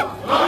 Oh!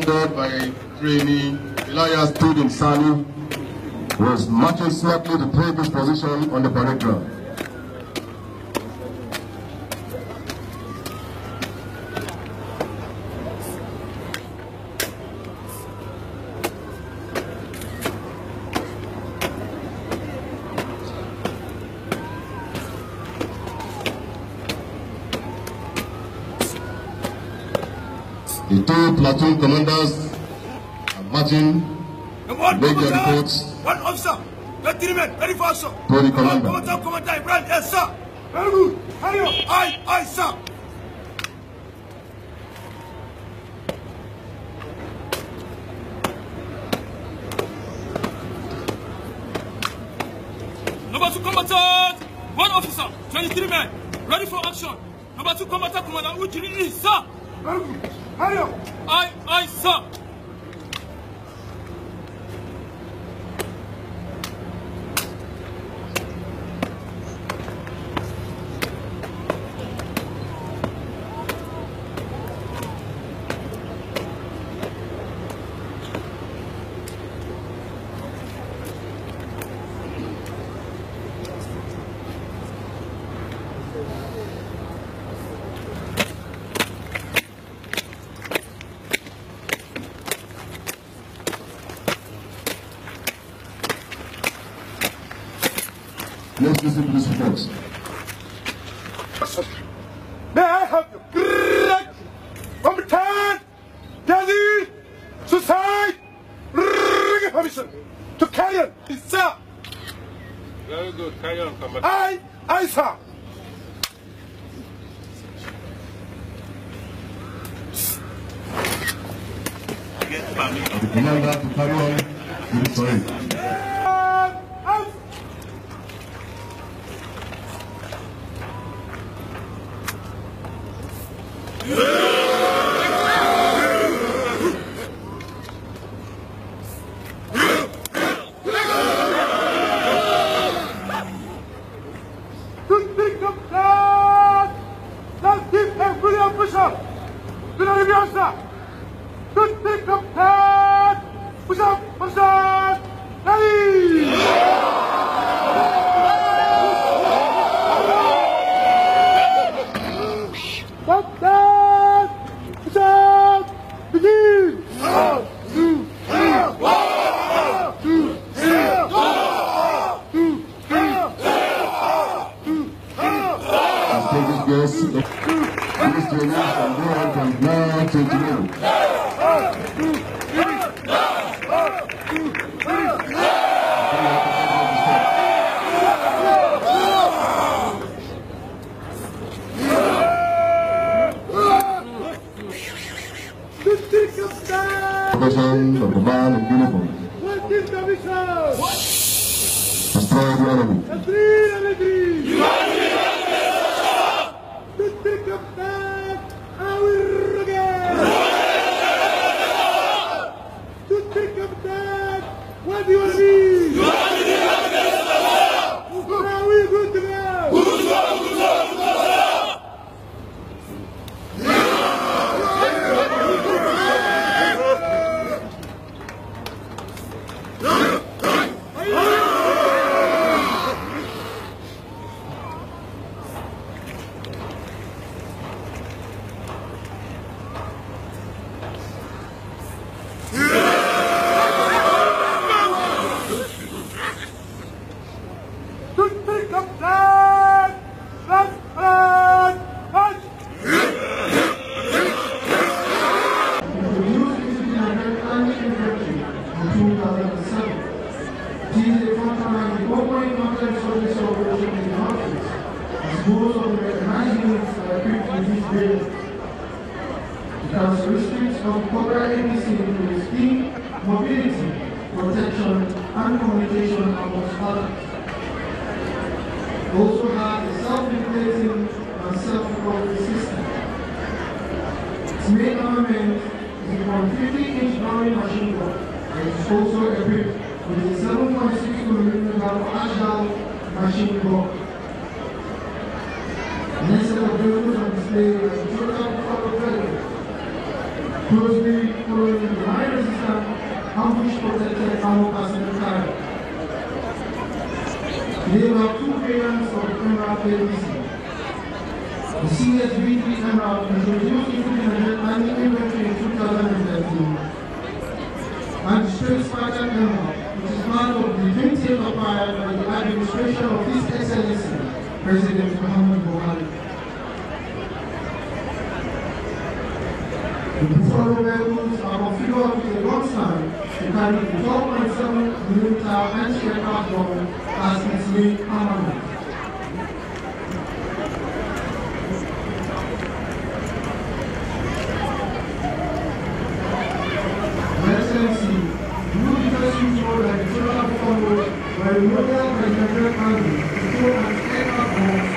God by trainee Elias in Sani was marching smartly to take his position on the parade ground. The two platoon commanders are marching one make their reports one officer, your three men, ready for action. To the commander. Commander, commander, Ibrahim, yes sir. Very good. Hurry up. I, I sir. Number two combatant, one officer, 23 men, ready for action. Number two combatant commander, Ujiri, sir. Very good. I, I suck. Let's listen to this folks. May I help you? great competent, daily, suicide, permission to carry on, sir. Very good, carry on, Commander. I, I, sir. Get the commander to carry on. Sorry. ¡Papá! Hallelujah. characteristics of corporate ABC speed, mobility, protection, and communication amongst others. also have a self-regulating and self-control system. Its main armament is a 50 inch boring machine gun and that is also equipped with a 7.6mm agile machine gun. Next set of vehicles on display Gözleri kurulunun ayrısından almış prozentleri kavukasını karar. They were two parents of Emerald Babies. The CSBT Emerald introduced the Japan inventory in 2013. And the Straight Spartan which is part of the 20th acquired by the administration of His Excellency, President Muhammad Buhari. vehicles are configured to the wrong side to carry the 12.7 mm anti-aircraft bomb as its main armament. Where the Royal Presidential aircraft